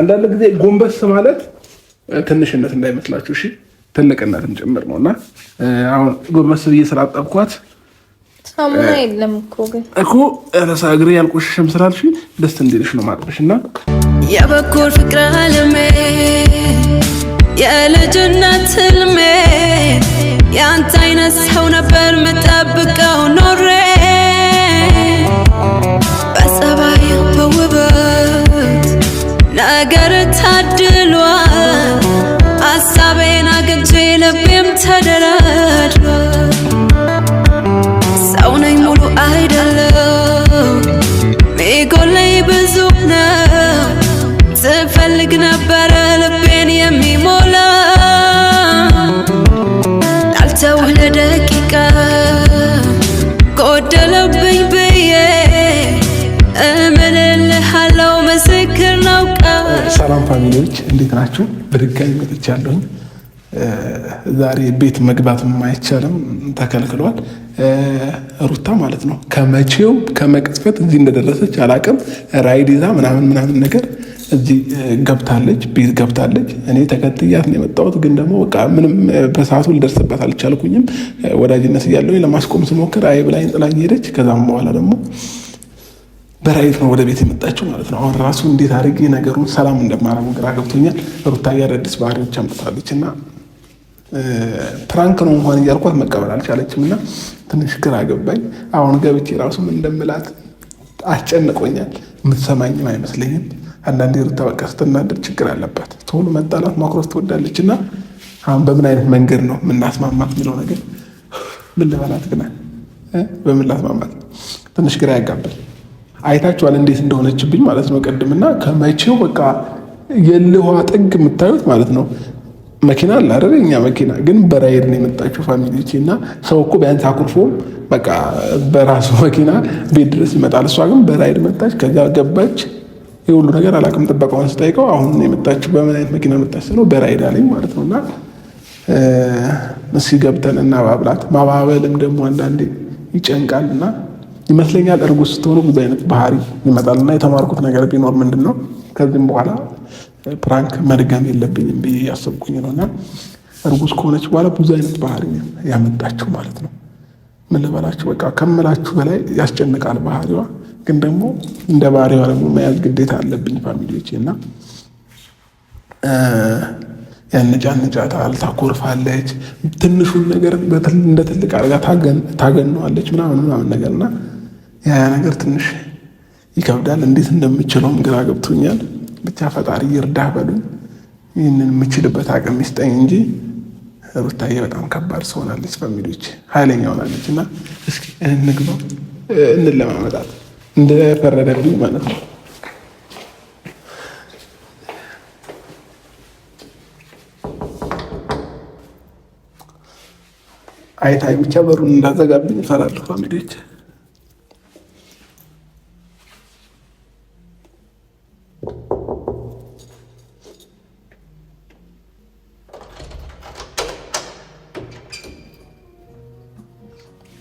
አንዳንድ ጊዜ ጎንበስ ማለት ትንሽነት እንዳይመስላችሁ እሺ፣ ትልቅነትም ጭምር ነው እና አሁን ጎንበስ ብዬ ስላጠብኳት ሳሙና የለም እኮ ረሳ እግሬ ያልቆሸሸም ስላልሽ ደስ እንዲልሽ ነው ማለሽ። እና የበኩር ፍቅር አለሜ የልጅነት ህልሜ የአንተ አይነት ሰው ነበር ምጠብቀው ኖሬ በጸባይ በውበት ነገር ታድሏል ፋሚሊዎች እንዴት ናችሁ? በድጋሚ መጥቻለሁኝ። ዛሬ ቤት መግባት አይቻልም ተከልክሏል። ሩታ ማለት ነው ከመቼው ከመቅጽበት እዚህ እንደደረሰች አላቅም። ራይድ ይዛ ምናምን ምናምን ነገር እዚህ ገብታለች፣ ቤት ገብታለች። እኔ ተከትያት ነው የመጣሁት፣ ግን ደግሞ በቃ ምንም በሰዓቱ ልደርስበት አልቻልኩኝም። ወዳጅነት እያለው ለማስቆም ስሞክር አይ ብላኝ ጥላኝ ሄደች። ከዛም በኋላ ደግሞ በራይት ነው ወደ ቤት የመጣችው ማለት ነው። አሁን ራሱ እንዴት አድርጌ ነገሩን ሰላም እንደማረጉ ግራ ገብቶኛል። ሩታ አዳዲስ ባህሪዎች አምጥታለች እና ፕራንክ ነው እንኳን እያልኳት መቀበል አልቻለችም እና ትንሽ ግራ ገባኝ። አሁን ገብቼ ራሱ ምን እንደምላት አስጨንቆኛል። የምትሰማኝም አይመስለኝም። አንዳንዴ ሩታ በቃ ስትናደድ ችግር አለባት። ቶሎ መጣላት ማኩረፍ ትወዳለች እና አሁን በምን አይነት መንገድ ነው የምናስማማት የሚለው ነገር ምን ልበላት ግን በምን ላስማማት ትንሽ ግራ ያጋባል። አይታችኋል እንዴት እንደሆነችብኝ ማለት ነው። ቅድምና ከመቼው በቃ የልዋ ጥግ የምታዩት ማለት ነው። መኪና አለ አይደል? እኛ መኪና ግን በራይድ ነው የመጣችው ፋሚሊዎች እና ሰው እኮ ቢያንስ አኩርፎ በቃ በራሱ መኪና ቤት ድረስ ይመጣል። እሷ ግን በራይድ መጣች፣ ከዛ ገባች። የሁሉ ነገር አላቅም። ጥበቃውን ስጠይቀው አሁን የመጣችው በምን አይነት መኪና መጣች ስለው በራይድ አለኝ ማለት ነው። እና እስኪ ገብተን እናባብላት። ማባበልም ደግሞ አንዳንዴ ይጨንቃል እና ይመስለኛል እርጉዝ ስትሆኑ ብዙ አይነት ባህሪ ይመጣል እና የተማርኩት ነገር ቢኖር ምንድን ነው ከዚህም በኋላ ፕራንክ መድገም የለብኝም ብዬ ያሰብኩኝ ነው እና እርጉዝ ከሆነች በኋላ ብዙ አይነት ባህሪ ያመጣችው ማለት ነው። ምን ልበላችሁ፣ በቃ ከምላችሁ በላይ ያስጨንቃል ባህሪዋ። ግን ደግሞ እንደ ባህሪዋ ደግሞ መያዝ ግዴታ አለብኝ ፋሚሊዎች። እና ያነጫነጫታል፣ ታኮርፋለች፣ ትንሹን ነገር እንደ ትልቅ አድርጋ ታገነዋለች ምናምን ምናምን ነገርና ያ ነገር ትንሽ ይከብዳል። እንዴት እንደምችለውም ግራ ገብቶኛል። ብቻ ፈጣሪ ይርዳ በሉኝ። ይህንን የምችልበት አቅም ይስጠኝ እንጂ ሩታዬ በጣም ከባድ ሰው ሆናለች፣ ፋሚሊዎች ኃይለኛ ሆናለች። እና እስኪ እንግባ እንለማመጣት እንደፈረደብኝ ማለት ነው። አይታይ ብቻ በሩን እንዳዘጋብኝ እፈራለሁ ፋሚሊዎች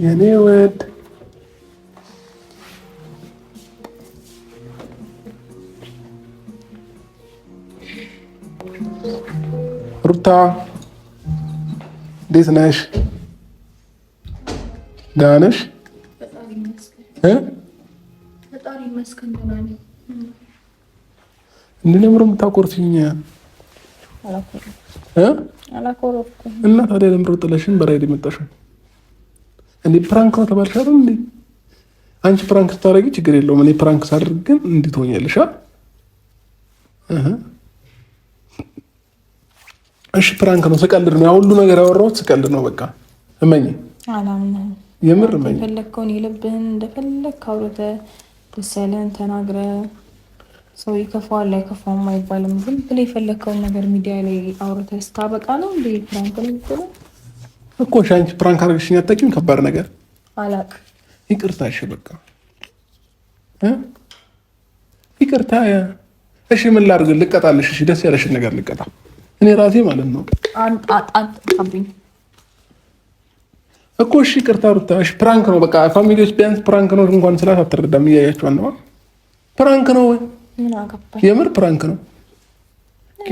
የኔ ውድ ሩታ እንዴት ነሽ? ደህና ነሽ? ፈጣሪ ይመስገን ደህና ነኝ። እንደነምሮ የምታቆርፊኝ እና ታዲያ ለምሮ ጥለሽን በራይድ የመጣሽው እንዴ? ፕራንክ ነው ተባልሽ አይደል እንዴ? አንቺ ፕራንክ ስታደርጊ ችግር የለውም። እኔ ፕራንክ ሳደርግ ግን እንዲህ ትሆኛለሽ። እሺ ፕራንክ ነው፣ ስቀልድ ነው። ያ ሁሉ ነገር ያወራሁት ስቀልድ ነው። በቃ እመኝ፣ የምር እመኝ። የፈለግከውን የልብህን እንደፈለግ ካውረተ ደስ ያለህን ተናግረህ ሰው ይከፋዋል ላይ አይከፋውም አይባልም። ግን ብለ የፈለግከውን ነገር ሚዲያ ላይ አውርተህ ስታበቃ ነው እንደ ፕራንክ ነው እኮ ሻንች ፕራንክ አድርገሽኝ አታውቂም። ከባድ ነገር አላቅ። ይቅርታ እሺ፣ በቃ ይቅርታ። እሺ፣ ምን ላድርግ? ልቀጣልሽ? እሺ፣ ደስ ያለሽን ነገር ልቀጣ። እኔ ራሴ ማለት ነው እኮ እሺ፣ ይቅርታ ሩታ። እሺ፣ ፕራንክ ነው በቃ። ፋሚሊዎች ቢያንስ ፕራንክ ነው እንኳን ስላት አትረዳም። እያያቸው አነባ ፕራንክ ነው ወይ የምር ፕራንክ ነው።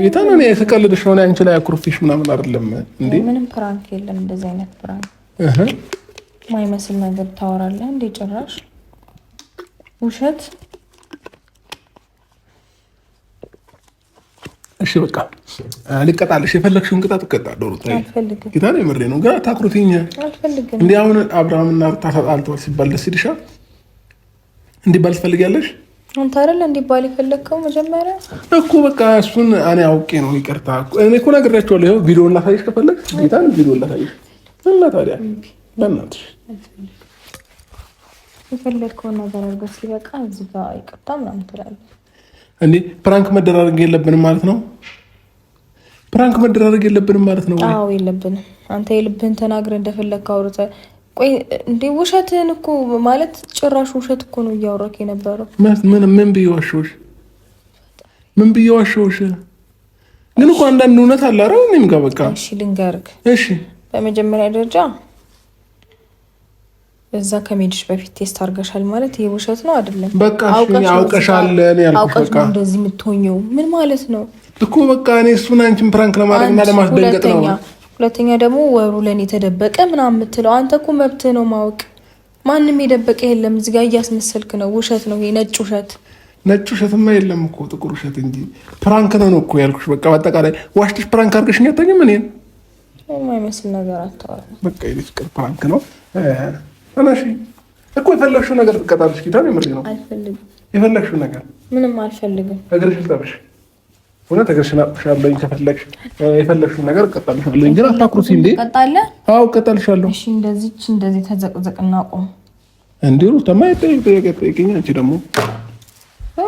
ጌታ ነው የተቀልድሽ ነው አንቺ ላይ አኩርፊሽ ምናምን አይደለም እንዴ? ምንም ፕራንክ የለም። እንደዚህ አይነት ፕራንክ እህ ማይመስል ነገር ታወራለህ እንዴ? ጭራሽ ውሸት። እሺ በቃ ልቀጣልሽ። የፈለግሽውን ቅጣት እቀጣለሁ። ሩታ ጌታን የምሬ ነው። ግን አታኩርፊኝ እንዴ! አሁን አብርሃምና ሩታ ተጣልተዋል ሲባል ደስ ይልሻል እንዴ? ባል ትፈልጊያለሽ አንተ አይደል እንዲባል የፈለግከው መጀመሪያ እኮ በቃ እሱን እኔ አውቄ ነው። ይቅርታ እኔ እኮ ነግሬያቸዋለሁ። ይኸው ቪዲዮ ላሳይሽ ከፈለግ ጌታን ቪዲዮ ላሳይሽ እና ታዲያ በእናትሽ የፈለግከውን ነገር አድርገው ሲበቃ እዚህ ጋር ይቅርታ ምናምን ትላለህ እንዴ? ፕራንክ መደራረግ የለብንም ማለት ነው። ፕራንክ መደራረግ የለብንም ማለት ነው። አዎ የለብንም። አንተ የልብህን ተናግረህ እንደፈለግከው አውርተህ ቆይ እንዴ ውሸትን እኮ ማለት ጭራሽ ውሸት እኮ ነው እያወራክ የነበረው። ምን ምን ብዬ ዋሸሁሽ? ምን ብዬ ዋሸሁሽ? ግን እኮ አንዳንድ እውነት አለ። ኧረ እኔም ጋር በቃ እሺ፣ ልንገርክ። እሺ፣ በመጀመሪያ ደረጃ እዛ ከመሄድሽ በፊት ቴስት አድርገሻል ማለት ይሄ ውሸት ነው አይደለም? በቃ አውቀሻል። አውቀሽ እንደዚህ የምትሆኘው ምን ማለት ነው እኮ በቃ እኔ እሱን አንቺን ፕራንክ ለማድረግ እና ለማስደንገጥ ነው ሁለተኛ ደግሞ ወሩ ለኔ ተደበቀ ምናምን የምትለው አንተ እኮ መብት ነው ማወቅ። ማንም የደበቀ የለም። እዚህ ጋር እያስመሰልክ ነው። ውሸት ነው ይሄ ነጭ ውሸት። ነጭ ውሸትማ የለም እኮ ጥቁር ውሸት እንጂ ፕራንክ ነው ነው እኮ ያልኩሽ። በቃ በአጠቃላይ ዋሽትሽ ፕራንክ አድርገሽኝ አታውቂም። እኔን የማይመስል ነገር አታወራም። በቃ የእኔ ፍቅር ፕራንክ ነው እነሺ እኮ የፈለግሽው ነገር ትቀጣለሽ። ጌታ ነው የምሬ ነው። አልፈልግም። የፈለግሽው ነገር ምንም አልፈልግም። እግርሽ ጠብሽ ሆነ እገርሻለሁ ከፈለግሽ የፈለግሽውን ነገር እቀጣልሻለሁ። ግን አታኩሩ ሲል እቀጣለሁ። አዎ እቀጣልሻለሁ። እሺ፣ እንደዚች እንደዚህ ተዘቅዘቅ እና ቆም ተማይ ጠይቅ ጠይቅ ጠየቅ ጠይቅኝ። አንቺ ደግሞ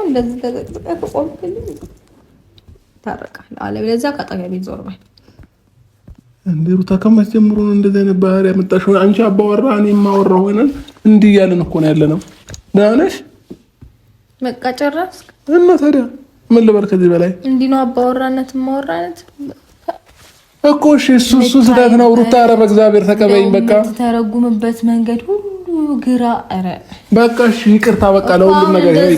እንደዚህ ተዘቅዘቅ ከቆምክልኝ ታረቃለህ። አለበለዚያ ከአጠገቤ ዞር በል። እንዴ ሩታ ከመቼ ጀምሮ ነው እንደዚህ አይነት ባህሪ ያመጣሽ? አንቺ አባወራ እኔ የማወራ ሆነን እንዲህ እያልን እኮ ነው ያለነው። ነው። ደህና ነሽ? በቃ እና ታዲያ ምን ልበል ከዚህ በላይ እንዲህ ነው አባወራነት ማወራነት እኮ እሺ እሱ እሱ ስህተት ነው ሩታ ኧረ በእግዚአብሔር ተቀበይኝ በቃ ተረጉምበት መንገድ ሁሉ ግራ ኧረ በቃ እሺ ይቅርታ በቃ ለሁሉም ነገር ይሄ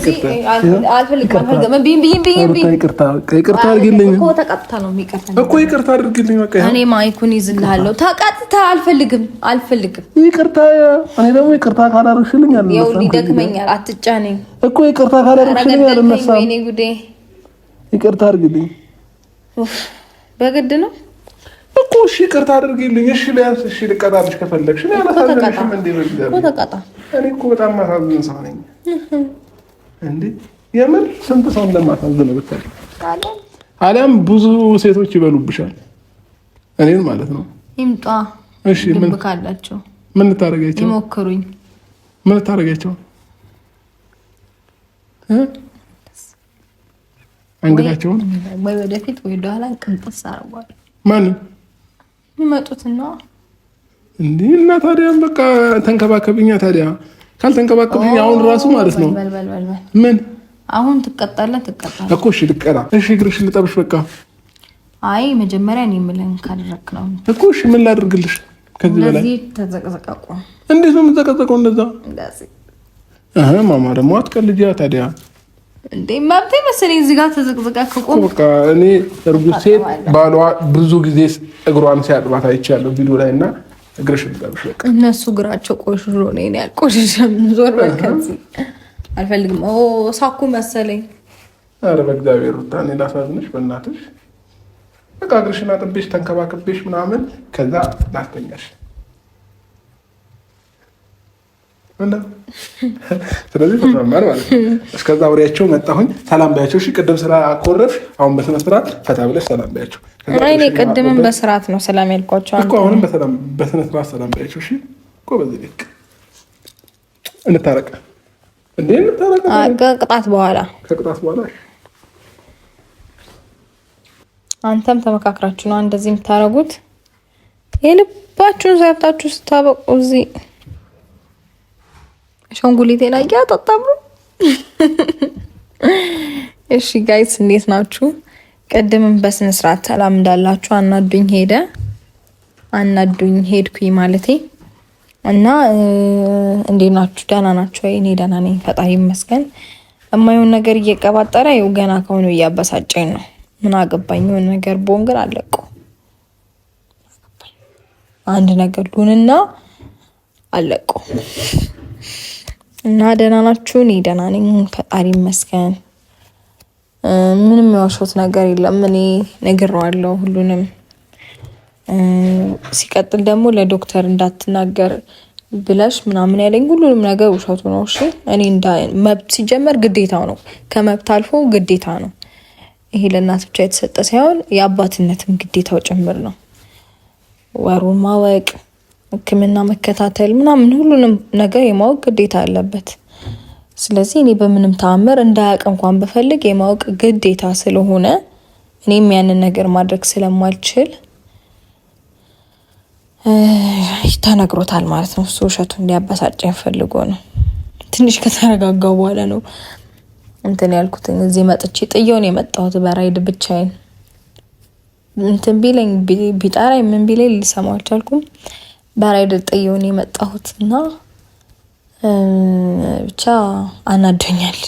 ይቅርታ ይቅርታ አድርግልኝ እኮ ተቀጥታ ነው የሚቀርታ እኮ ይቅርታ አድርግልኝ በቃ እኔ ማይኩን ይዝልሃለሁ ተቀጥታ አልፈልግም አልፈልግም ይቅርታ እኔ ደግሞ ይቅርታ ካላደረግሽልኝ አልነሳም ይኸውልህ ይደክመኛል አትጫኔ እኮ ይቅርታ ካላደረግሽልኝ አልነሳም ይቅርታ አድርግልኝ። በግድ ነው እኮ እሺ፣ ይቅርታ አድርግልኝ። እሺ ቢያንስ እሺ ልቀጣልሽ ከፈለግሽ አላሳዝንሽም። እንደ እኔ እኮ በጣም ማሳዝን ሰው ነኝ እንዴ! የምር ስንት ሰው እንደማሳዝን ብታውቂ። አሊያም ብዙ ሴቶች ይበሉብሻል፣ እኔን ማለት ነው። ይምጧ እሺ፣ ምን ካላቸው ምን ታረጋቸው? ይሞክሩኝ፣ ምን ልታደርጊያቸው? አንገታቸውን ወይ ወደፊት ወይ ወደኋላ ቅንጥስ አርጓል። ማንም የሚመጡትና እንዲህ እና ታዲያ በቃ ተንከባከብኛ። ታዲያ ካልተንከባከብኝ አሁን ራሱ ማለት ነው ምን አሁን ትቀጣለህ? ትቀጣለህ እኮ እሺ፣ ልቀጣ። እሺ እግርሽ ልጠብሽ። በቃ አይ መጀመሪያ እኔ የምልህን ካደረክ ነው እኮ። እሺ ምን ላድርግልሽ? ከዚህ በላይ ተዘቀዘቀቁ። እንዴት ነው የምዘቀዘቀው? እንደዛ ማማ ደግሞ አትቀልጃ ታዲያ እንዴ መብቴ መሰለኝ። እዚህ ጋር ተዘቅዝቃ ከቆም እኔ እርጉዝ ሴት ባሏ ብዙ ጊዜ እግሯን ሲያጥባት አይቻለሁ ቪዲዮ ላይ እና እግርሽ ልጠብሽ። እነሱ እግራቸው ቆሽሮ ነው ያልቆሽሸም። ዞር በከዚ አልፈልግም ኦ ሳኩ መሰለኝ። አረ በእግዚአብሔር ሩታ እኔ ላሳዝንሽ፣ በእናትሽ በቃ እግርሽን አጥቤሽ ተንከባክቤሽ ምናምን ከዛ ላስተኛሽ ስለዚህ ተመመር ማለት ነው። እስከዛ አውሪያቸው መጣሁኝ፣ ሰላም ባያቸው። እሺ ቅድም ስራ አኮረፍ። አሁን በስነ ስርዓት ፈታ ብለሽ ሰላም ባያቸው። እኔ ቅድምም በስርዓት ነው ሰላም ያልኳቸው እኮ አሁንም በስነ ስርዓት ሰላም ባያቸው። እሺ እኮ በዚህ ልክ እንታረቀ እንዴ? እንታረቀ ከቅጣት በኋላ ከቅጣት በኋላ አንተም ተመካክራችሁ ነው እንደዚህ የምታረጉት። የልባችሁን ሰርታችሁ ስታበቁ እዚህ ሸንጉሊቴን አያ ጠጣሙ። እሺ ጋይስ እንዴት ናችሁ? ቅድምም በስነ ስርዓት ሰላም እንዳላችሁ አናዱኝ ሄደ አናዱኝ ሄድኩኝ ማለቴ እና እንዴት ናችሁ? ደህና ናችሁ ወይ? እኔ ደህና ነኝ ፈጣሪ ይመስገን። የማይሆን ነገር እየቀባጠረ ይኸው ገና ከሆነ እያበሳጨኝ ነው። ምን አገባኝ? የሆነ ነገር ቦን ግን አለቁ አንድ ነገር ሉንና አለቁ እና ደህና ናችሁ? እኔ ደህና ነኝ፣ ፈጣሪ ይመስገን። ምንም የዋሸሁት ነገር የለም። እኔ ነግሬዋለሁ ሁሉንም። ሲቀጥል ደግሞ ለዶክተር እንዳትናገር ብለሽ ምናምን ያለኝ ሁሉንም ነገር ውሸቱ ነው። እሺ እኔ እንደ መብት ሲጀመር ግዴታው ነው፣ ከመብት አልፎ ግዴታ ነው። ይሄ ለእናት ብቻ የተሰጠ ሳይሆን የአባትነትም ግዴታው ጭምር ነው። ወሩን ማወቅ ሕክምና መከታተል ምናምን ሁሉንም ነገር የማወቅ ግዴታ አለበት። ስለዚህ እኔ በምንም ተአምር እንዳያውቅ እንኳን ብፈልግ የማወቅ ግዴታ ስለሆነ እኔም ያንን ነገር ማድረግ ስለማልችል ተነግሮታል ማለት ነው። እሱ ውሸቱ እንዲያበሳጨኝ ፈልጎ ነው። ትንሽ ከተረጋጋው በኋላ ነው እንትን ያልኩት። እዚህ መጥቼ ጥየውን የመጣሁት በራይድ ብቻዬን እንትን ቢለኝ ቢጠራኝ ምን ቢለኝ አልቻልኩም። በራይድል ጥየውን የመጣሁት እና ብቻ አናዶኛል።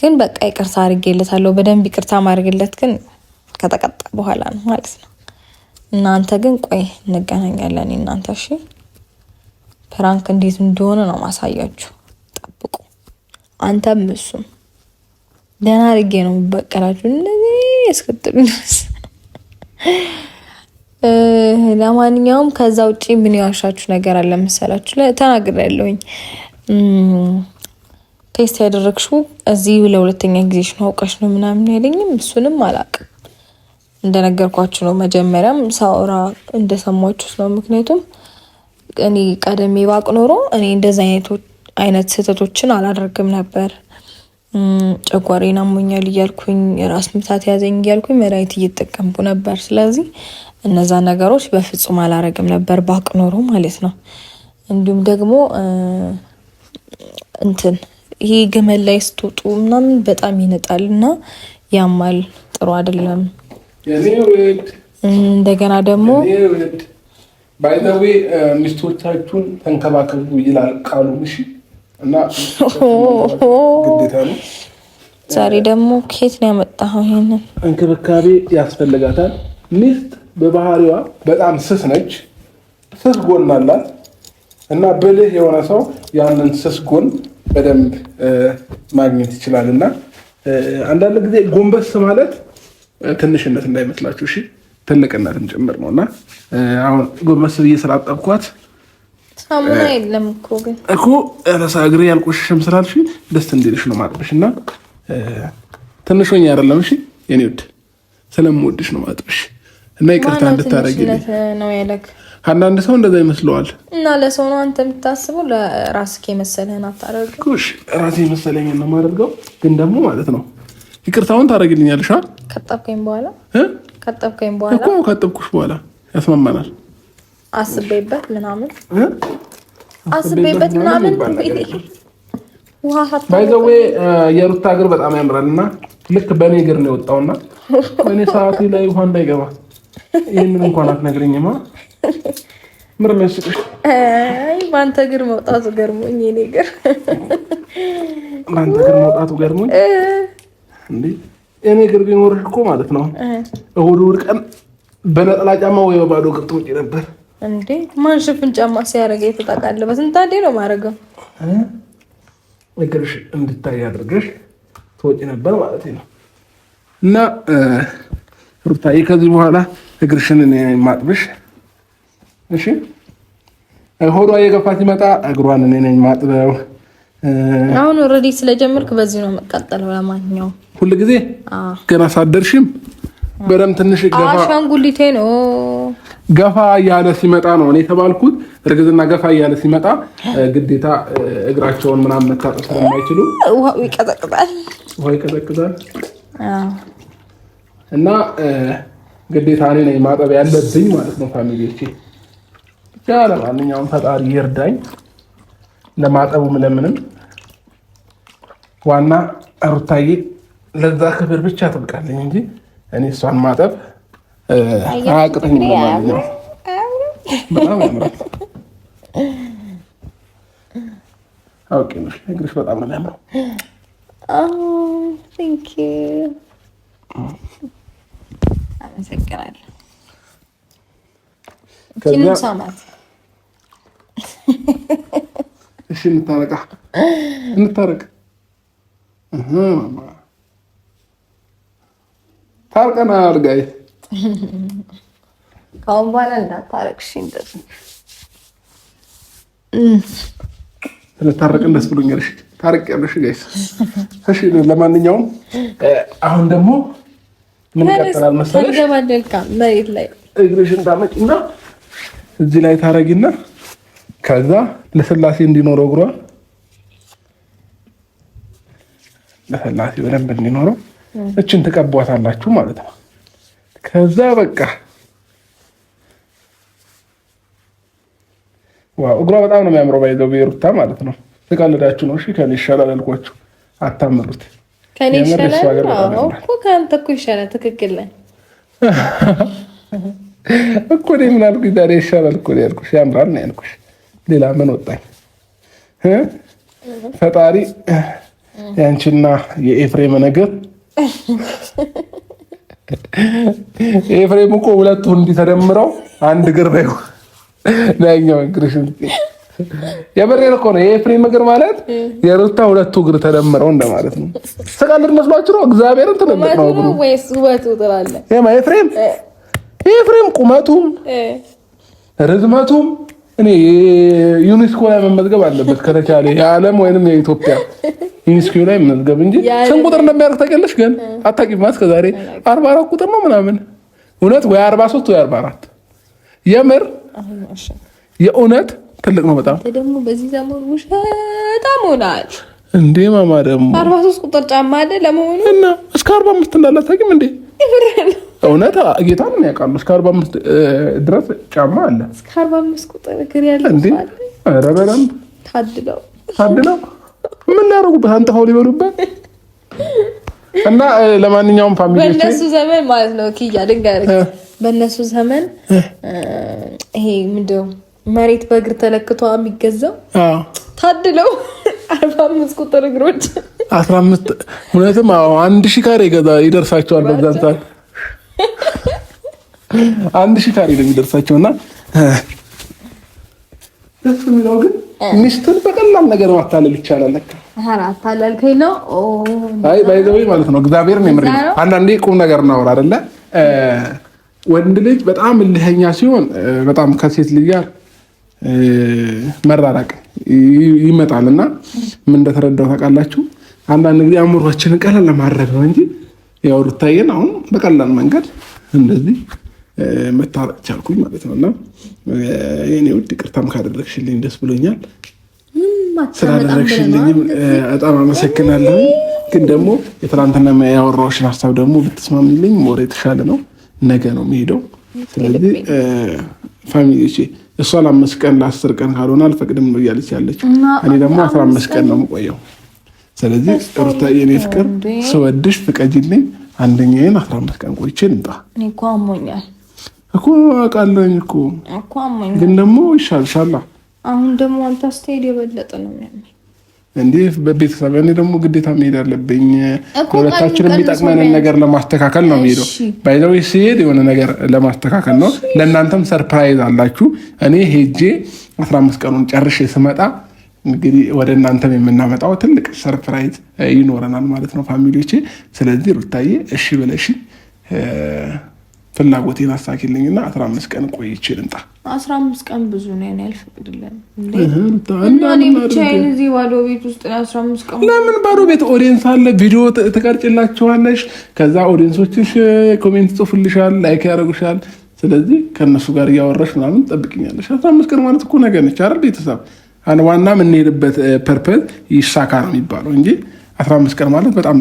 ግን በቃ ይቅርታ አድርጌለታለሁ። በደንብ ይቅርታ ማድረግለት ግን ከተቀጣ በኋላ ነው ማለት ነው። እናንተ ግን ቆይ እንገናኛለን። እናንተ እሺ፣ ፕራንክ እንዴት እንደሆነ ነው ማሳያችሁ። ጠብቁ። አንተም እሱም ደህና አድርጌ ነው የምበቀላችሁ እነዚህ ያስከትሉ ለማንኛውም ከዛ ውጭ ምን ያሻችሁ ነገር አለ መሰላችሁ? ተናግሬ ያለሁኝ ቴስት ያደረግሽው እዚህ ለሁለተኛ ጊዜሽ ነው አውቀሽ ነው ምናምን ያለኝም እሱንም አላቅም። እንደነገርኳችሁ ነው መጀመሪያም ሳውራ እንደሰማችሁት ነው። ምክንያቱም እኔ ቀደሜ ባቅ ኖሮ እኔ እንደዚ አይነት ስህተቶችን አላደርግም ነበር። ጨጓሬን አሞኛል እያልኩኝ ራስ ምታት ያዘኝ እያልኩኝ መድኃኒት እየተጠቀምኩ ነበር። ስለዚህ እነዛ ነገሮች በፍጹም አላረግም ነበር ባቅ ኖሮ ማለት ነው። እንዲሁም ደግሞ እንትን ይህ ግመል ላይ ስትወጡ ምናምን በጣም ይነጣል እና ያማል፣ ጥሩ አይደለም። እንደገና ደግሞ ባይዘዌ ሚስቶቻችሁን ተንከባከቡ ይላል ቃሉ። እሺ። እና ዛሬ ደግሞ ኬት ነው ያመጣኸው? ይሄንን እንክብካቤ ያስፈልጋታል ሚስት በባህሪዋ በጣም ስስ ነች። ስስ ጎን አላት እና ብልህ የሆነ ሰው ያንን ስስ ጎን በደንብ ማግኘት ይችላል። እና አንዳንድ ጊዜ ጎንበስ ማለት ትንሽነት እንዳይመስላችሁ እሺ፣ ትልቅነትም ጭምር ነው። እና አሁን ጎንበስ ብዬ ስላጠብኳት እኮ ረሳ እግሬ ያልቆሸሸም ስላልሽ ደስ እንዲልሽ ነው ማጥበሽ። እና ትንሾኛ አይደለም እሺ፣ የኔ ውድ ስለምወድሽ ነው ማጥበሽ እና ይቅርታ እንድታደርግልኝ ነው ያለክ። አንዳንድ ሰው እንደዛ ይመስለዋል እና ለሰው ነው አንተ የምታስበው፣ ለራስህ የመሰለህን አታደርግም። እሺ ራሴ የመሰለኝን ነው የማደርገው፣ ግን ደግሞ ማለት ነው ይቅርታውን ታደርግልኛለሽ አይደል? ከጠብከኝ በኋላ ከጠብከኝ በኋላ እኮ ከጠብኩሽ በኋላ ያስማማናል። አስቤበት ምናምን አስቤበት ምናምን ባይዘዌ የሩታ እግር በጣም ያምራል እና ልክ በእኔ እግር ነው የወጣውና በእኔ ሰዓቴ ላይ ውሃ እንዳይገባ ይህንን እንኳን አትነግረኝማ። ምር መስልሽ? አይ በአንተ እግር መውጣቱ ገርሞኝ፣ የኔ እግር በአንተ እግር መውጣቱ ገርሞኝ። እንዴ እኔ እግር ቢኖርሽ እኮ ማለት ነው እሑድ እሑድ ቀን በነጠላ ጫማ ወይ ባዶ እግር ትውጪ ነበር። እንዴ ማን ሽፍን ጫማ ሲያደርግ የተጠቃለበት እንታዴ ነው ማድረገው። እግርሽ እንድታይ አድርገሽ ትወጪ ነበር ማለት ነው። እና ሩታዬ ከዚህ በኋላ እግርሽን ማጥብሽ። እሺ ሆዷ የገፋት ይመጣ እግሯን እኔ ነኝ ማጥበው። አሁን ኦልሬዲ ስለጀመርክ በዚህ ነው መቀጠለው። ለማንኛውም ሁል ጊዜ ገና ሳደርሽም በደምብ ትንሽ አሻንጉሊቴ ነው ገፋ እያለ ሲመጣ ነው እኔ የተባልኩት። እርግዝና ገፋ እያለ ሲመጣ ግዴታ እግራቸውን ምናምን መታጠብ ስለማይችሉ ውሃው ይቀዘቅዛል፣ ውሃው ይቀዘቅዛል እና ግዴታ እኔ ነኝ ማጠብ ያለብኝ ማለት ነው። ፋሚሊዎቼ ብቻ ለማንኛውም ፈጣሪ ይርዳኝ ለማጠቡም ለምንም። ዋና ሩታዬ ለዛ ክብር ብቻ ትብቃለኝ እንጂ እኔ እሷን ማጠብ አያቅተኝ። ለማንኛውም በጣም ያምራል። ኦኬ ነግርሽ በጣም ነው ያምረው። አመሰግናለሁ። እሺ፣ እንታረቃ እንታረቅ። ታርቀና አድርጋይ ካሁን በኋላ ስለታረቅን ደስ ብሎኛል። ታርቅ ያለሽ ጋይስ። እሺ፣ ለማንኛውም አሁን ደግሞ ምን ይቀጥላል መሰለሽ እግርሽን ታመጪና እዚህ ላይ ታረጊና ከዛ ለስላሴ እንዲኖረው እግሯ ለስላሴ በደንብ እንዲኖረው እችን ትቀቧታላችሁ ማለት ነው። ከዛ በቃ ዋው እግሯ በጣም ነው የሚያምረው። ባይዘው ቤሩታ ማለት ነው። ተቀልዳችሁ ነው። እሺ ከኔ ይሻላል አልኳችሁ። አታምሩት ከኔ ይሻላል እኮ ከአንተ እኮ ይሻላል። ትክክል ነህ እኮ እኔ ምን ይሻላል እኮ ያልኩሽ ያምራል ነው ያልኩሽ። ሌላ ምን ወጣኝ? ፈጣሪ ያንቺና የኤፍሬም ነገር ኤፍሬም እኮ ሁለቱ እንዲተደምረው አንድ ግር ነው ያኛው ግርሽ የበሬን እኮ ነው የኤፍሬም እግር ማለት የሩታ ሁለቱ እግር ተደምረው እንደማለት ነው። ስቀልድ መስሏችሁ ነው። እግዚአብሔርን ትልልቅ ነው እግሩ ኤፍሬም ኤፍሬም ቁመቱም ርዝመቱም እኔ ዩኒስኮ ላይ መመዝገብ አለበት ከተቻለ የዓለም ወይንም የኢትዮጵያ ዩኒስኮ ላይ መመዝገብ እንጂ ስንት ቁጥር እንደሚያደርግ ታውቂያለሽ? ግን አታውቂም። እስከዛሬ አርባ አራት ቁጥር ነው ምናምን እውነት ወይ አርባ ሶስት ወይ አርባ አራት የምር የእውነት ትልቅ ነው በጣም ደግሞ በዚህ ዘመን ውሸታም ሆናል እንዴ ማማ ደግሞ አርባ ሶስት ቁጥር ጫማ አለ ለመሆኑ እና እስከ አርባ አምስት እንዳላት ታውቂም እንዴ እውነት ጌታ ነው ያውቃሉ እስከ አርባ አምስት ድረስ ጫማ አለ እስከ አርባ አምስት ቁጥር እግር ያለ እንዴ ኧረ በደምብ ታድለው ታድለው ምን ሊያደርጉበት አንጥፋው ሊበሉበት እና ለማንኛውም ፋሚሊ በእነሱ ዘመን ማለት ነው ኪያ ድንጋይ በእነሱ ዘመን ይሄ ምንድነው መሬት በእግር ተለክቶ የሚገዛው ታድለው አርባ አምስት ቁጥር እግሮች አስራ አምስት እውነትም አንድ ሺህ ካሬ ገዛ ይደርሳቸዋል። በዛን ሰዓት አንድ ሺህ ካሬ ነው የሚደርሳቸው እና ደስ የሚለው ግን ሚስትን በቀላል ነገር ማታለል ይቻላል። አታለልከኝ ነው አይ ባይዘዌ ማለት ነው። እግዚአብሔር ነው አንዳንዴ ቁም ነገር እናወራ አደለ ወንድ ልጅ በጣም እልኸኛ ሲሆን በጣም ከሴት ልጅ ጋር መራራቅ ይመጣል እና ምን እንደተረዳው ታውቃላችሁ? አንዳንድ ጊዜ አእምሯችንን ቀለል ለማድረግ ነው እንጂ ያው ሩታዬን አሁን በቀላል መንገድ እንደዚህ መታረቅ ቻልኩኝ ማለት ነው። እና የኔ ውድ ቅርታም ካደረግሽልኝ ደስ ብሎኛል። ስላደረግሽልኝም በጣም አመሰግናለሁ። ግን ደግሞ የትናንትና ያወራዎችን ሀሳብ ደግሞ ብትስማምልኝ ሞር የተሻለ ነው። ነገ ነው የሚሄደው። ስለዚህ ፋሚሊ እሷ ለአምስት ቀን ለአስር ቀን ካልሆነ አልፈቅድም ነው እያለች ያለች። እኔ ደግሞ አስራ አምስት ቀን ነው የምቆየው። ስለዚህ ሩታ የኔ ፍቅር ስወድሽ ፍቀጅልኝ፣ አንደኛዬን አስራ አምስት ቀን ቆይቼ እንጣ እኮ አውቃለሁኝ እኮ ግን ደግሞ ይሻልሻላ። አሁን ደግሞ አንተ አስተሄድ የበለጠ ነው እንዴ በቤተሰብ እኔ ደግሞ ግዴታ መሄድ አለብኝ። ሁለታችን የሚጠቅመንን ነገር ለማስተካከል ነው የሚሄደው። ባይዘዊ ሲሄድ የሆነ ነገር ለማስተካከል ነው። ለእናንተም ሰርፕራይዝ አላችሁ። እኔ ሄጄ 15 ቀኑን ጨርሼ ስመጣ እንግዲህ ወደ እናንተም የምናመጣው ትልቅ ሰርፕራይዝ ይኖረናል ማለት ነው ፋሚሊዎቼ። ስለዚህ ሩታዬ እሺ ብለሽ ፍላጎቴን አሳኪልኝና አስራ አምስት ቀን ቆይቼ ልምጣ። አስራ አምስት ቀን ብዙ ነው። እኔ አልፈቅድልም። ብቻዬን እዚህ ባዶ ቤት ውስጥ አስራ አምስት ቀን ለምን ባዶ ቤት? ኦዲየንስ አለ፣ ቪዲዮ ትቀርጭላቸዋለሽ። ከዛ ኦዲየንሶችሽ ኮሜንት ጽፉልሻል፣ ላይክ ያደርጉሻል። ስለዚህ ከእነሱ ጋር እያወራሽ ምናምን ጠብቅኛለሽ። አስራ አምስት ቀን ማለት እኮ ነገ ነች አይደል? ቤተሰብ ዋና የምንሄድበት ፐርፐዝ ይሳካ ነው የሚባለው እንጂ አስራ አምስት ቀን ማለት በጣም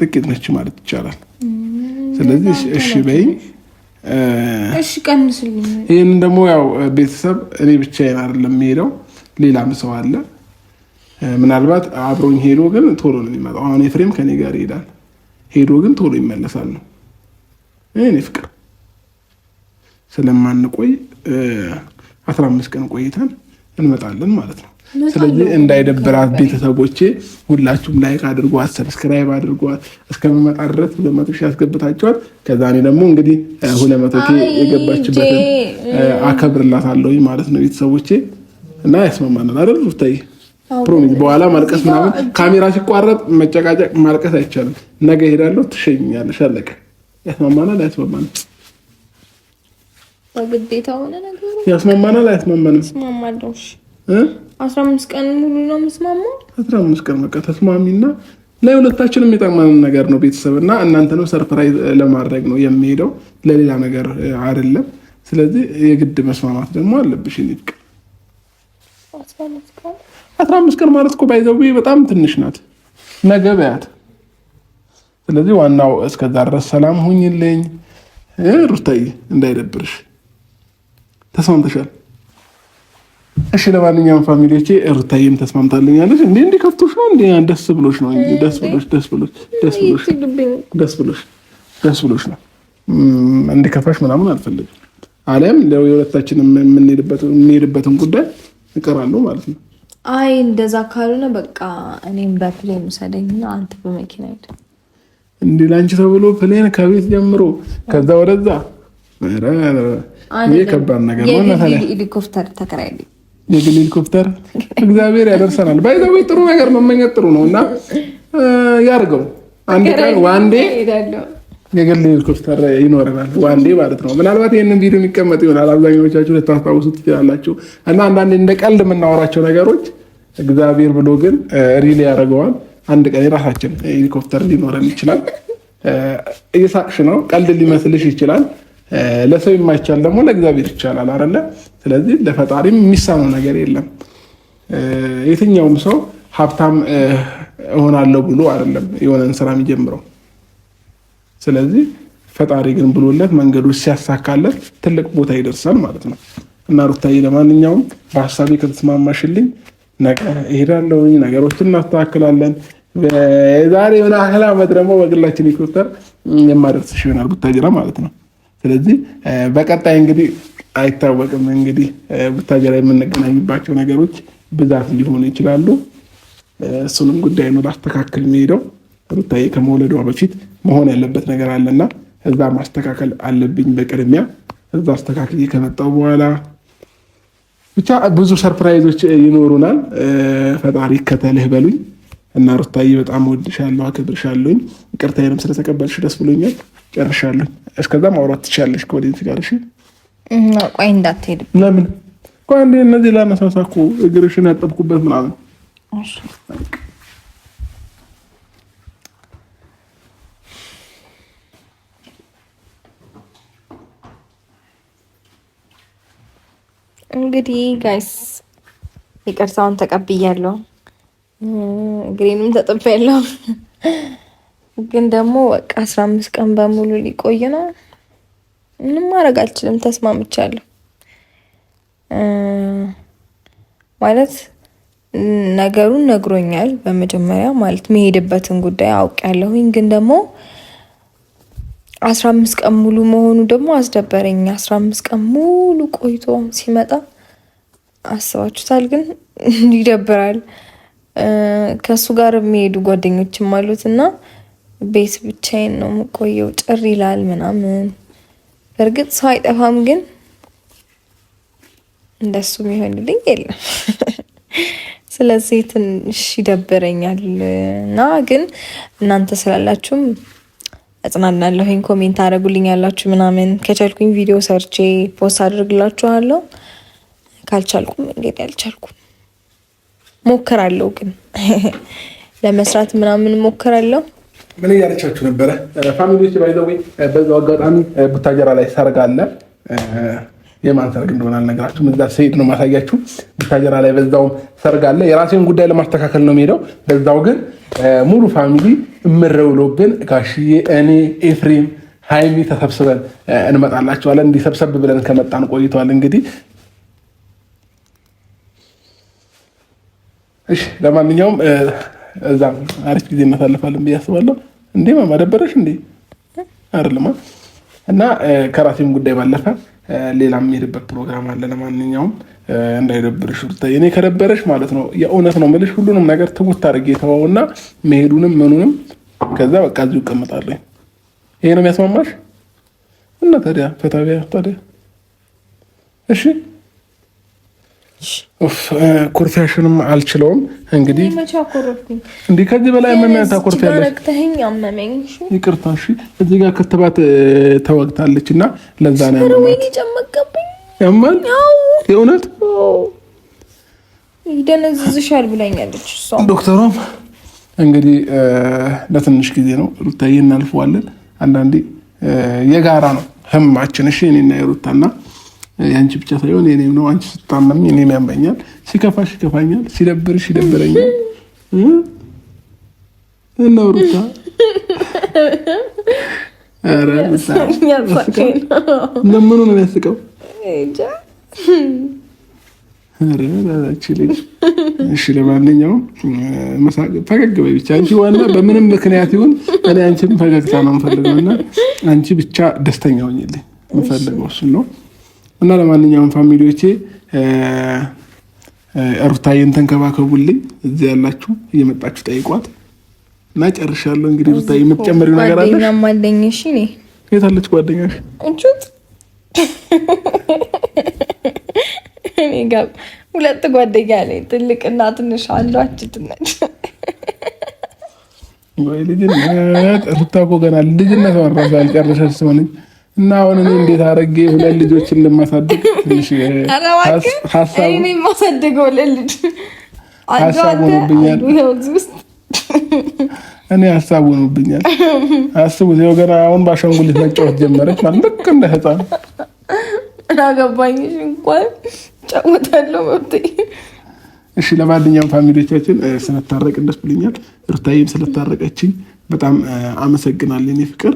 ጥቂት ነች ማለት ይቻላል። ስለዚህ እሺ በይኝ ይህን ደግሞ ያው ቤተሰብ እኔ ብቻዬን አይደለም የሚሄደው፣ ሌላም ሰው አለ። ምናልባት አብሮኝ ሄዶ ግን ቶሎ ነው የሚመጣው። አሁን ኤፍሬም ከኔ ጋር ይሄዳል፣ ሄዶ ግን ቶሎ ይመለሳል ነው እኔ ፍቅር። ስለማንቆይ አስራ አምስት ቀን ቆይተን እንመጣለን ማለት ነው። ስለዚህ እንዳይደብራት ቤተሰቦቼ ሁላችሁም ላይክ አድርጓት፣ ሰብስክራይብ አድርጓት። እስከምመጣ ድረስ ሁለት መቶ ሺህ ያስገብታቸዋል። ከዛ እኔ ደግሞ እንግዲህ ሁለት መቶ ሺህ የገባችበትን አከብርላታለሁ ማለት ነው ቤተሰቦቼ እና ያስማማናል አይደል ሩታዬ? ፕሮሚስ በኋላ ማልቀስ ምናምን ካሜራ ሲቋረጥ መጨቃጨቅ ማልቀስ አይቻልም። ነገ ሄዳለሁ ትሸኛለሽ። አለቀ። ያስማማናል አያስማማንም? ያስማማናል አያስማማንም? አስራ አምስት ቀን ሙሉ ነው የምስማማው። አስራ አምስት ቀን በቃ ተስማሚና ለሁለታችን የጠማንን ነገር ነው ቤተሰብ እና እናንተንም ሰርፕራይዝ ለማድረግ ነው የሚሄደው ለሌላ ነገር አይደለም። ስለዚህ የግድ መስማማት ደግሞ አለብሽ። ይልቅ አስራ አምስት ቀን ማለት እኮ ባይዘዌ በጣም ትንሽ ናት፣ ነገ በያት። ስለዚህ ዋናው እስከዛ ድረስ ሰላም ሁኝልኝ ሩታዬ፣ እንዳይደብርሽ። ተስማምተሻል? እሺ ለማንኛውም ፋሚሊዎቼ ሩታዬም ተስማምታለኛለች። እንዴ እንዴ ከፍቶሽ ነው እንዴ? ደስ ብሎሽ ነው እንጂ ደስ ብሎሽ ደስ ብሎሽ ደስ ብሎሽ ደስ ብሎሽ ደስ ብሎሽ ነው። እንዲከፋሽ ምናምን አልፈልግም። አለም ለሁለታችን የምንሄድበት የምንሄድበትን ጉዳይ እቀራለሁ ማለት ነው። አይ እንደዛ ካልሆነ በቃ እኔም በፕሌን ውሰደኝና አንተ በመኪና ሂድ። እንዴ ላንቺ ተብሎ ፕሌን ከቤት ጀምሮ ከዛ ወደዛ ይሄ ከባድ ነገር ነው። ሄሊኮፕተር ተከራይልኝ የግል ሄሊኮፕተር እግዚአብሔር ያደርሰናል። ባይዘዌ ጥሩ ነገር መመኘት ጥሩ ነው እና ያርገው። አንድ ቀን ዋንዴ የግል ሄሊኮፕተር ይኖረናል፣ ዋንዴ ማለት ነው። ምናልባት ይህንን ቪዲዮ የሚቀመጥ ይሆናል፣ አብዛኛዎቻችሁ ልታስታውሱት ትችላላችሁ። እና አንዳንዴ እንደ ቀልድ የምናወራቸው ነገሮች እግዚአብሔር ብሎ ግን ሪል ያደርገዋል። አንድ ቀን የራሳችን ሄሊኮፕተር ሊኖረን ይችላል። እየሳቅሽ ነው፣ ቀልድ ሊመስልሽ ይችላል። ለሰው የማይቻል ደግሞ ለእግዚአብሔር ይቻላል አይደለ? ስለዚህ ለፈጣሪም የሚሳነው ነገር የለም። የትኛውም ሰው ሀብታም እሆናለሁ ብሎ አይደለም የሆነን ስራ የሚጀምረው። ስለዚህ ፈጣሪ ግን ብሎለት መንገዱ ሲያሳካለት ትልቅ ቦታ ይደርሳል ማለት ነው። እና ሩታዬ ለማንኛውም በሀሳቤ ከተስማማሽልኝ ነገ እሄዳለሁ፣ ነገሮችን እናስተካክላለን። ዛሬ ምን ያህል ዓመት ደግሞ በግላችን ሄሊኮፕተር የማደርስሽ ይሆናል ቡታጅራ ማለት ነው። ስለዚህ በቀጣይ እንግዲህ አይታወቅም እንግዲህ ቡታጀራ የምንገናኝባቸው ነገሮች ብዛት ሊሆኑ ይችላሉ። እሱንም ጉዳይ ነው ላስተካከል የሚሄደው ሩታዬ ከመውለዷ በፊት መሆን ያለበት ነገር አለና እዛ ማስተካከል አለብኝ በቅድሚያ እዛ አስተካክል ከመጣው በኋላ ብቻ ብዙ ሰርፕራይዞች ይኖሩናል። ፈጣሪ ይከተልህ በሉኝ። እና ሩታዬ በጣም ወድሻለሁ፣ አከብርሻለሁኝ። ይቅርታዬንም ስለተቀበልሽ ደስ ብሎኛል። ጨርሻለሁኝ። እስከዛ ማውራት ትችያለሽ ከወደት ጋር እሺ። ቆይ እንዳትሄድ ለምን ቆይ እነዚህ ላነሳሳኩ እግርሽን ያጠብኩበት ምናምን እንግዲህ ጋይስ ይቅርታውን ተቀብያለሁ። እግሬንም ተጠብ ያለው ግን ደግሞ በቃ አስራ አምስት ቀን በሙሉ ሊቆይ ነው። ምንም ማድረግ አልችልም። ተስማምቻለሁ ማለት ነገሩን ነግሮኛል። በመጀመሪያ ማለት መሄድበትን ጉዳይ አውቅ ያለሁኝ ግን ደግሞ አስራ አምስት ቀን ሙሉ መሆኑ ደግሞ አስደበረኝ። አስራ አምስት ቀን ሙሉ ቆይቶ ሲመጣ አስባችሁታል? ግን ይደብራል። ከእሱ ጋር የሚሄዱ ጓደኞችም አሉት እና ቤት ብቻዬን ነው የምቆየው። ጭር ይላል ምናምን። በእርግጥ ሰው አይጠፋም፣ ግን እንደሱ የሚሆንልኝ የለም። ስለዚህ ትንሽ ይደብረኛል እና ግን እናንተ ስላላችሁም እጽናናለሁኝ። ኮሜንት አድረጉልኝ ያላችሁ ምናምን ከቻልኩኝ ቪዲዮ ሰርቼ ፖስት አድርግላችኋለሁ። ካልቻልኩም እንግዲህ አልቻልኩም። ሞክራለሁ፣ ግን ለመስራት ምናምን ሞክራለሁ። ምን እያለቻችሁ ነበረ? ፋሚሊዎች ባይዘዌ በዛው አጋጣሚ ቡታጀራ ላይ ሰርግ አለ። የማን ሰርግ እንደሆነ አልነግራችሁም። እዛ ስሄድ ነው ማሳያችሁ። ቡታጀራ ላይ በዛውም ሰርግ አለ። የራሴን ጉዳይ ለማስተካከል ነው የሚሄደው። በዛው ግን ሙሉ ፋሚሊ እምረውሎብን ጋሽዬ፣ እኔ፣ ኤፍሬም፣ ሀይሚ ተሰብስበን እንመጣላቸዋለን። እንዲሰብሰብ ብለን ከመጣን ቆይተዋል። እንግዲህ እሺ ለማንኛውም እዛ አሪፍ ጊዜ እናሳልፋለን ብዬ አስባለሁ። እንዴ ማማ ደበረሽ እንዴ? አይደለም እና ከራሴም ጉዳይ ባለፈ ሌላ የሚሄድበት ፕሮግራም አለ። ለማንኛውም እንዳይደብርሽ ብታይ እኔ ከደበረሽ ማለት ነው የእውነት ነው የምልሽ ሁሉንም ነገር ትውት አድርጌ የተዋውና መሄዱንም ምኑንም ከዛ በቃ እዚሁ እቀምጣለኝ። ይሄ ነው የሚያስማማሽ? እና ታዲያ ፈታቢያ ታዲያ እሺ ኩርፊያሽንም አልችለውም። እንግዲህ እንዲህ ከዚህ በላይ መናታ ኩርፊያ ይቅርታ። እሺ እዚህ ጋር ክትባት ተወቅታለች እና ለዛ ነው ያማል። የእውነት ይደነዝዝሻል ብላኛለች ዶክተሯም። እንግዲህ ለትንሽ ጊዜ ነው ሩታ፣ እናልፈዋለን። አንዳንዴ የጋራ ነው ህማችን። እሺ እኔና የሩታና የአንቺ ብቻ ሳይሆን የኔም ነው። አንቺ ስታመም የኔም ያመኛል፣ ሲከፋሽ ይከፋኛል፣ ሲደብርሽ ይደብረኛል። እና ብሩታ ለምኑ ነው የሚያስቀው? እሺ ለማንኛውም ፈገግ በይ ብቻ። አንቺ ዋና በምንም ምክንያት ይሁን እኔ አንቺም ፈገግታ ነው የምፈልገው እና አንቺ ብቻ ደስተኛ ሆኝልኝ የምፈልገው እሱን ነው። እና ለማንኛውም ፋሚሊዎቼ ሩታዬን ተንከባከቡልኝ። እዚህ ያላችሁ እየመጣችሁ ጠይቋት እና ጨርሻለሁ። እንግዲህ ሩታዬ የምትጨምሪው ነገር አለ? የት አለች ጓደኛሽ? እኔ ጋር ሁለት ጓደኛ ላይ ትልቅና ትንሽ አሏችሁ ትነች ልጅነት ሩታ እኮ ገና ልጅነት ራሱ አልጨረሰች ሆነች እና አሁን እኔ እንዴት አድርጌ ሁለት ልጆች እንደማሳደግ ትንሽ ሀሳብ ማሳደገው ለልጅ ሀሳብ ሆኖብኛል። እኔ ሀሳብ ሆኖብኛል። አስቡት፣ ይኸው ገና አሁን በአሻንጉሊት መጫወት ጀመረች ማለት ልክ እንደ ሕፃን አገባኝሽ እንኳን ጫወታለሁ መብት እሺ። ለማንኛውም ፋሚሊዎቻችን ስለታረቅ ደስ ብሎኛል። እርታዬም ስለታረቀችኝ በጣም አመሰግናለሁ። እኔ ፍቅር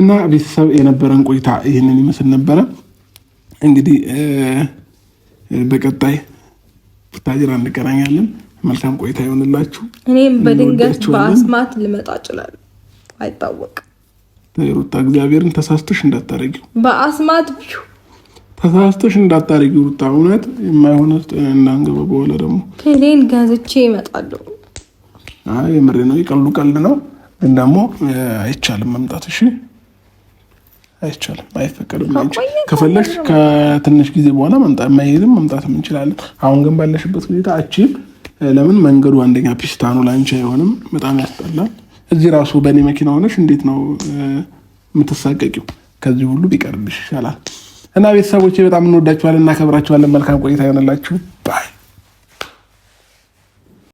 እና ቤተሰብ የነበረን ቆይታ ይህንን ይመስል ነበረ። እንግዲህ በቀጣይ ቡታጅራ እንገናኛለን። መልካም ቆይታ ይሆንላችሁ። እኔም በድንገት በአስማት ልመጣ እችላለሁ፣ አይታወቅም። ሩታ እግዚአብሔርን ተሳስቶሽ እንዳታረጊው፣ በአስማት ተሳስቶሽ እንዳታረጊው። ሩታ እውነት የማይሆነ እንዳንገባ በኋላ ደግሞ ፔሌን ገዝቼ ይመጣለሁ። የምሬ ነው፣ ይቀሉ ቀል ነው፣ ግን ደግሞ አይቻልም መምጣት። እሺ አይቻልም፣ አይፈቀድም። ከፈለግሽ ከትንሽ ጊዜ በኋላ መሄድም መምጣትም እንችላለን። አሁን ግን ባለሽበት ሁኔታ አቺም ለምን መንገዱ አንደኛ ፒስታ ነው፣ ላንቺ አይሆንም። በጣም ያስጠላል። እዚህ ራሱ በእኔ መኪና ሆነሽ እንዴት ነው የምትሳቀቂው? ከዚህ ሁሉ ቢቀርብሽ ይሻላል። እና ቤተሰቦቼ በጣም እንወዳችኋለን፣ እናከብራችኋለን። መልካም ቆይታ ይሆንላችሁ ባይ